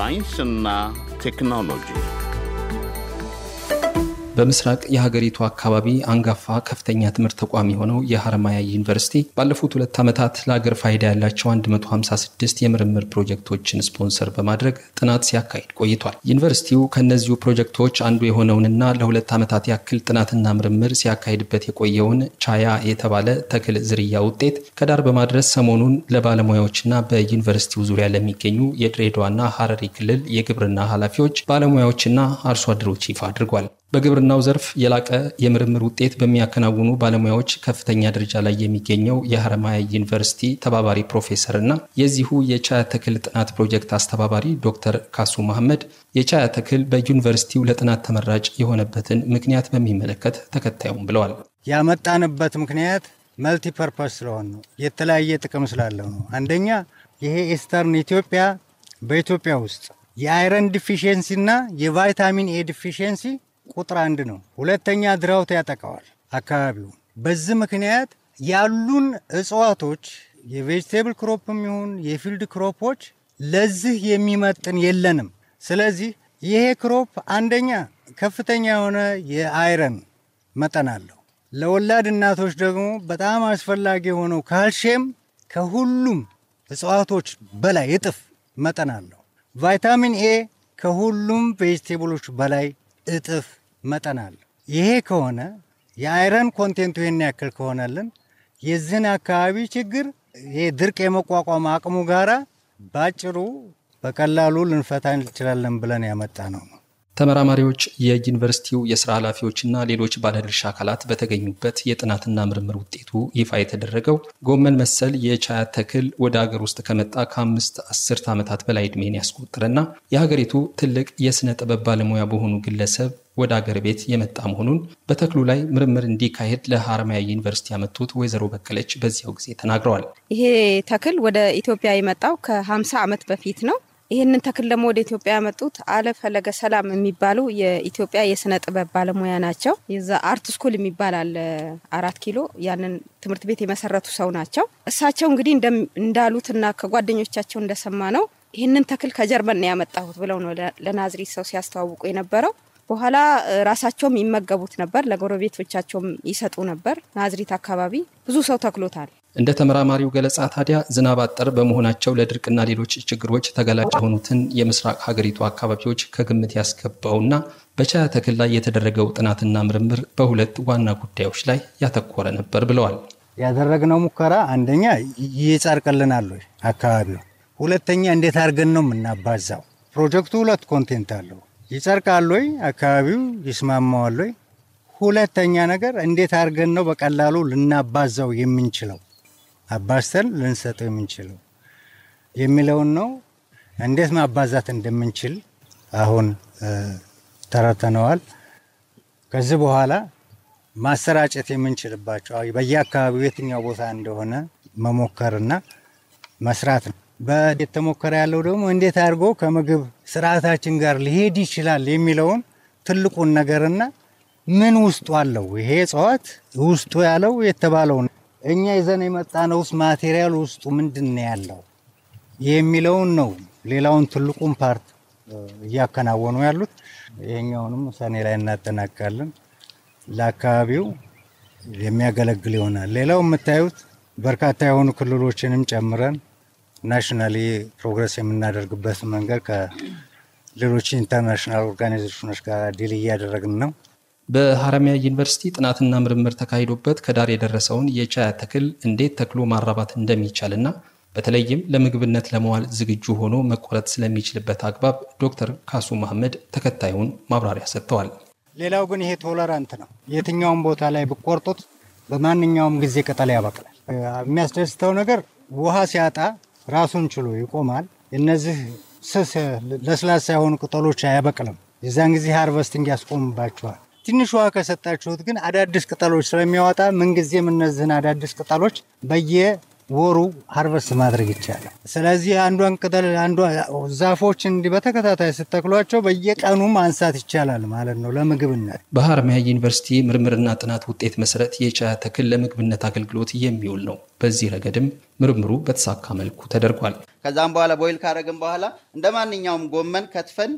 ሳይንስና ቴክኖሎጂ በምስራቅ የሀገሪቱ አካባቢ አንጋፋ ከፍተኛ ትምህርት ተቋም የሆነው የሀረማያ ዩኒቨርሲቲ ባለፉት ሁለት ዓመታት ለአገር ፋይዳ ያላቸው 156 የምርምር ፕሮጀክቶችን ስፖንሰር በማድረግ ጥናት ሲያካሂድ ቆይቷል። ዩኒቨርሲቲው ከእነዚሁ ፕሮጀክቶች አንዱ የሆነውንና ለሁለት ዓመታት ያክል ጥናትና ምርምር ሲያካሂድበት የቆየውን ቻያ የተባለ ተክል ዝርያ ውጤት ከዳር በማድረስ ሰሞኑን ለባለሙያዎችና በዩኒቨርሲቲው ዙሪያ ለሚገኙ የድሬዳዋና ሀረሪ ክልል የግብርና ኃላፊዎች ባለሙያዎችና አርሶ አደሮች ይፋ አድርጓል። በግብርናው ዘርፍ የላቀ የምርምር ውጤት በሚያከናውኑ ባለሙያዎች ከፍተኛ ደረጃ ላይ የሚገኘው የሐረማያ ዩኒቨርሲቲ ተባባሪ ፕሮፌሰር እና የዚሁ የቻያ ተክል ጥናት ፕሮጀክት አስተባባሪ ዶክተር ካሱ መሐመድ የቻያ ተክል በዩኒቨርሲቲው ለጥናት ተመራጭ የሆነበትን ምክንያት በሚመለከት ተከታዩም ብለዋል። ያመጣንበት ምክንያት መልቲፐርፐስ ስለሆን ነው። የተለያየ ጥቅም ስላለው ነው። አንደኛ ይሄ ኤስተርን ኢትዮጵያ በኢትዮጵያ ውስጥ የአይረን ዲፊሽንሲ እና የቫይታሚን ኤ ዲፊሽንሲ ቁጥር አንድ ነው። ሁለተኛ ድራውት ያጠቃዋል አካባቢው በዚህ ምክንያት ያሉን እጽዋቶች የቬጅቴብል ክሮፕም ይሁን የፊልድ ክሮፖች ለዚህ የሚመጥን የለንም። ስለዚህ ይሄ ክሮፕ አንደኛ ከፍተኛ የሆነ የአይረን መጠን አለው። ለወላድ እናቶች ደግሞ በጣም አስፈላጊ የሆነው ካልሽየም ከሁሉም እጽዋቶች በላይ እጥፍ መጠን አለው። ቫይታሚን ኤ ከሁሉም ቬጅቴብሎች በላይ እጥፍ መጠን አለ። ይሄ ከሆነ የአይረን ኮንቴንቱ ይህን ያክል ከሆነልን የዚህን አካባቢ ችግር ይሄ ድርቅ የመቋቋም አቅሙ ጋራ ባጭሩ በቀላሉ ልንፈታ እንችላለን ብለን ያመጣ ነው። ተመራማሪዎች የዩኒቨርሲቲው የስራ ኃላፊዎችና ሌሎች ባለድርሻ አካላት በተገኙበት የጥናትና ምርምር ውጤቱ ይፋ የተደረገው ጎመን መሰል የቻያ ተክል ወደ አገር ውስጥ ከመጣ ከአምስት አስርት ዓመታት በላይ እድሜን ያስቆጠረና የሀገሪቱ ትልቅ የሥነ ጥበብ ባለሙያ በሆኑ ግለሰብ ወደ አገር ቤት የመጣ መሆኑን በተክሉ ላይ ምርምር እንዲካሄድ ለሀረማያ ዩኒቨርሲቲ ያመጡት ወይዘሮ በቀለች በዚያው ጊዜ ተናግረዋል። ይሄ ተክል ወደ ኢትዮጵያ የመጣው ከ50 ዓመት በፊት ነው። ይህንን ተክል ደግሞ ወደ ኢትዮጵያ ያመጡት አለ ፈለገ ሰላም የሚባሉ የኢትዮጵያ የስነ ጥበብ ባለሙያ ናቸው። የዛ አርት ስኩል የሚባል አለ አራት ኪሎ ያንን ትምህርት ቤት የመሰረቱ ሰው ናቸው። እሳቸው እንግዲህ እንዳሉትና ከጓደኞቻቸው እንደሰማ ነው ይህንን ተክል ከጀርመን ነው ያመጣሁት ብለው ነው ለናዝሪት ሰው ሲያስተዋውቁ የነበረው። በኋላ ራሳቸውም ይመገቡት ነበር፣ ለጎረቤቶቻቸውም ይሰጡ ነበር። ናዝሪት አካባቢ ብዙ ሰው ተክሎታል። እንደ ተመራማሪው ገለጻ ታዲያ ዝናብ አጠር በመሆናቸው ለድርቅና ሌሎች ችግሮች ተጋላጭ የሆኑትን የምስራቅ ሀገሪቱ አካባቢዎች ከግምት ያስገባውና በቻያ ተክል ላይ የተደረገው ጥናትና ምርምር በሁለት ዋና ጉዳዮች ላይ ያተኮረ ነበር ብለዋል። ያደረግነው ሙከራ አንደኛ ይጸርቅልናል ወይ አካባቢው፣ ሁለተኛ እንዴት አድርገን ነው የምናባዛው። ፕሮጀክቱ ሁለት ኮንቴንት አለው። ይጸርቃል ወይ አካባቢው ይስማማዋል ወይ፣ ሁለተኛ ነገር እንዴት አድርገን ነው በቀላሉ ልናባዛው የምንችለው አባዝተን ልንሰጠው የምንችለው የሚለውን ነው። እንዴት ማባዛት እንደምንችል አሁን ተረተነዋል። ከዚህ በኋላ ማሰራጨት የምንችልባቸው በየአካባቢው የትኛው ቦታ እንደሆነ መሞከርና መስራት ነው። የተሞከረ ያለው ደግሞ እንዴት አድርጎ ከምግብ ስርዓታችን ጋር ሊሄድ ይችላል የሚለውን ትልቁን ነገርና ምን ውስጡ አለው ይሄ እጽዋት ውስጡ ያለው የተባለው? እኛ ይዘን የመጣነውስ ማቴሪያል ውስጡ ምንድን ነው ያለው የሚለውን ነው። ሌላውን ትልቁን ፓርት እያከናወኑ ያሉት ይሄኛውንም ሰኔ ላይ እናጠናቃለን። ለአካባቢው የሚያገለግል ይሆናል። ሌላው የምታዩት በርካታ የሆኑ ክልሎችንም ጨምረን ናሽናሊ ፕሮግረስ የምናደርግበት መንገድ ከሌሎች ኢንተርናሽናል ኦርጋናይዜሽኖች ጋር ዲል እያደረግን ነው። በሐረማያ ዩኒቨርሲቲ ጥናትና ምርምር ተካሂዶበት ከዳር የደረሰውን የቻያ ተክል እንዴት ተክሎ ማራባት እንደሚቻልና በተለይም ለምግብነት ለመዋል ዝግጁ ሆኖ መቆረጥ ስለሚችልበት አግባብ ዶክተር ካሱ መሐመድ ተከታዩን ማብራሪያ ሰጥተዋል። ሌላው ግን ይሄ ቶለራንት ነው። የትኛውም ቦታ ላይ ብቆርጡት በማንኛውም ጊዜ ቅጠል ያበቅላል። የሚያስደስተው ነገር ውሃ ሲያጣ ራሱን ችሎ ይቆማል። እነዚህ ስስ ለስላሳ የሆኑ ቅጠሎች አያበቅልም። የዛን ጊዜ ሃርቨስቲንግ ያስቆምባቸዋል። ትንሽ ውሃ ከሰጣችሁት ግን አዳዲስ ቅጠሎች ስለሚያወጣ ምንጊዜም እነዚህን አዳዲስ ቅጠሎች በየወሩ ሀርቨስት ማድረግ ይቻላል። ስለዚህ አንዷን ቅጠል ዛፎች እንዲህ በተከታታይ ስተክሏቸው በየቀኑ ማንሳት ይቻላል ማለት ነው ለምግብነት። በሀረማያ ዩኒቨርሲቲ ምርምርና ጥናት ውጤት መሰረት የቻያ ተክል ለምግብነት አገልግሎት የሚውል ነው። በዚህ ረገድም ምርምሩ በተሳካ መልኩ ተደርጓል። ከዛም በኋላ ቦይል ካረግን በኋላ እንደ ማንኛውም ጎመን ከትፈን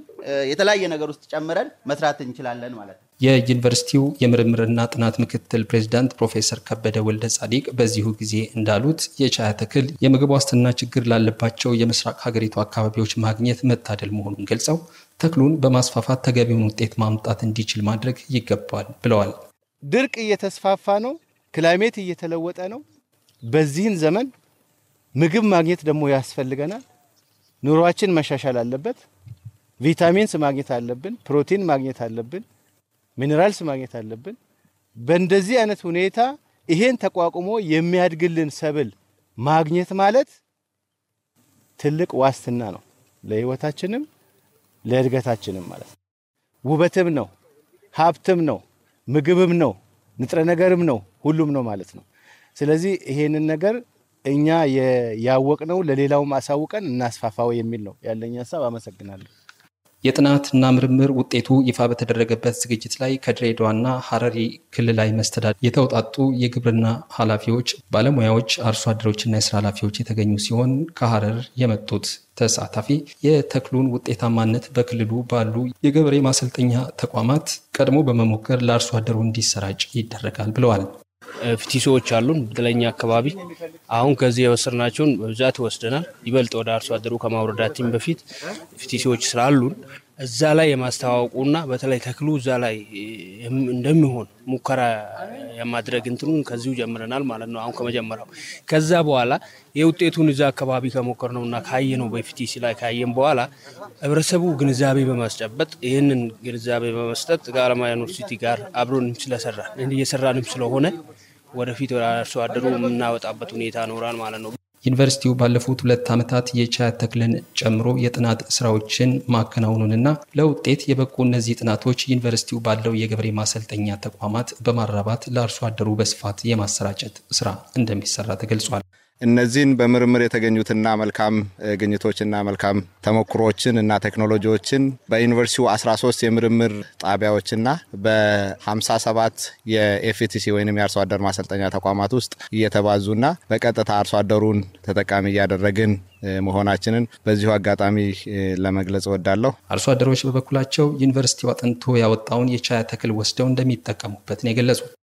የተለያየ ነገር ውስጥ ጨምረን መስራት እንችላለን ማለት ነው። የዩኒቨርሲቲው የምርምርና ጥናት ምክትል ፕሬዚዳንት ፕሮፌሰር ከበደ ወልደ ጻዲቅ በዚሁ ጊዜ እንዳሉት የቻያ ተክል የምግብ ዋስትና ችግር ላለባቸው የምስራቅ ሀገሪቱ አካባቢዎች ማግኘት መታደል መሆኑን ገልጸው ተክሉን በማስፋፋት ተገቢውን ውጤት ማምጣት እንዲችል ማድረግ ይገባል ብለዋል። ድርቅ እየተስፋፋ ነው። ክላይሜት እየተለወጠ ነው። በዚህን ዘመን ምግብ ማግኘት ደግሞ ያስፈልገናል። ኑሯችን መሻሻል አለበት። ቪታሚንስ ማግኘት አለብን። ፕሮቲን ማግኘት አለብን። ሚኔራልስ ማግኘት አለብን። በእንደዚህ አይነት ሁኔታ ይሄን ተቋቁሞ የሚያድግልን ሰብል ማግኘት ማለት ትልቅ ዋስትና ነው፣ ለህይወታችንም ለእድገታችንም ማለት ነው። ውበትም ነው፣ ሀብትም ነው፣ ምግብም ነው፣ ንጥረ ነገርም ነው፣ ሁሉም ነው ማለት ነው። ስለዚህ ይሄንን ነገር እኛ ያወቅነው ለሌላውም አሳውቀን እናስፋፋው የሚል ነው ያለኝ ሀሳብ። አመሰግናለሁ። የጥናትና ምርምር ውጤቱ ይፋ በተደረገበት ዝግጅት ላይ ከድሬዳዋና ሐረሪ ክልላዊ መስተዳድር የተውጣጡ የግብርና ኃላፊዎች፣ ባለሙያዎች፣ አርሶ አደሮችና የስራ ኃላፊዎች የተገኙ ሲሆን ከሐረር የመጡት ተሳታፊ የተክሉን ውጤታማነት በክልሉ ባሉ የገበሬ ማሰልጠኛ ተቋማት ቀድሞ በመሞከር ለአርሶ አደሩ እንዲሰራጭ ይደረጋል ብለዋል። ፍቲሶዎች አሉን በተለይኛ አካባቢ አሁን ከዚህ የወሰድናቸውን በብዛት ወስደናል። ይበልጥ ወደ አርሶ አደሩ ከማውረዳችን በፊት ፊቲሲዎች ስላሉን እዛ ላይ የማስተዋወቁና በተለይ ተክሉ እዛ ላይ እንደሚሆን ሙከራ የማድረግ እንትኑን ከዚሁ ጀምረናል ማለት ነው። አሁን ከመጀመሪያው ከዛ በኋላ የውጤቱን እዛ አካባቢ ከሞከር ነው እና ካየ ነው በፍቲሲ ላይ ካየን በኋላ ህብረተሰቡ ግንዛቤ በማስጨበጥ ይህንን ግንዛቤ በመስጠት ከአለማ ዩኒቨርሲቲ ጋር አብሮንም ስለሰራ እየሰራንም ስለሆነ ወደፊት ወደ አርሶ አደሩ የምናወጣበት ሁኔታ ኖራል ማለት ነው። ዩኒቨርሲቲው ባለፉት ሁለት ዓመታት የቻያ ተክልን ጨምሮ የጥናት ስራዎችን ማከናወኑንና ለውጤት የበቁ እነዚህ ጥናቶች ዩኒቨርሲቲው ባለው የገበሬ ማሰልጠኛ ተቋማት በማራባት ለአርሶ አደሩ በስፋት የማሰራጨት ስራ እንደሚሰራ ተገልጿል። እነዚህን በምርምር የተገኙትና መልካም ግኝቶችና መልካም ተሞክሮችን እና ቴክኖሎጂዎችን በዩኒቨርሲቲው 13 የምርምር ጣቢያዎችና በ57 የኤፍቲሲ ወይም የአርሶ አደር ማሰልጠኛ ተቋማት ውስጥ እየተባዙና በቀጥታ አርሶ አደሩን ተጠቃሚ እያደረግን መሆናችንን በዚሁ አጋጣሚ ለመግለጽ እወዳለሁ። አርሶ አደሮች በበኩላቸው ዩኒቨርሲቲው አጥንቶ ያወጣውን የቻያ ተክል ወስደው እንደሚጠቀሙበት ነው የገለጹት።